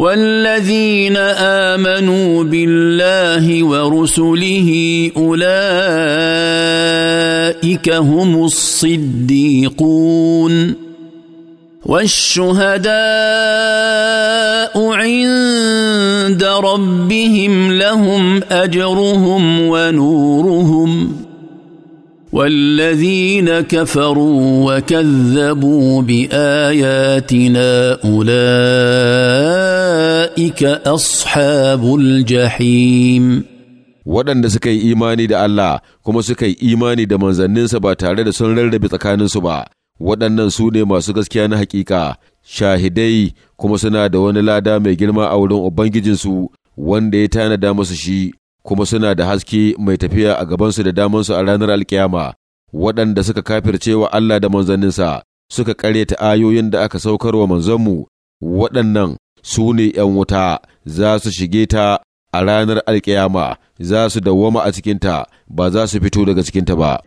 والذين امنوا بالله ورسله اولئك هم الصديقون والشهداء عند ربهم لهم اجرهم ونورهم والذين كفروا وكذبوا باياتنا اولئك ulaika ashabul jahim waɗanda suka yi imani da Allah kuma suka yi imani da manzanninsa ba tare da sun rarrabe tsakaninsu ba waɗannan su ne masu gaskiya na hakika shahidai kuma suna da wani lada mai girma a wurin ubangijinsu wanda ya tanada musu shi kuma suna da haske mai tafiya a gabansu da damansu a ranar alkiyama waɗanda suka kafirce wa Allah da manzanninsa suka ƙaryata ayoyin da aka saukar wa manzanmu waɗannan su ne ’yan wuta za su shige ta a ranar alkiyama za su dawwama a cikinta ba za su fito daga cikinta ba.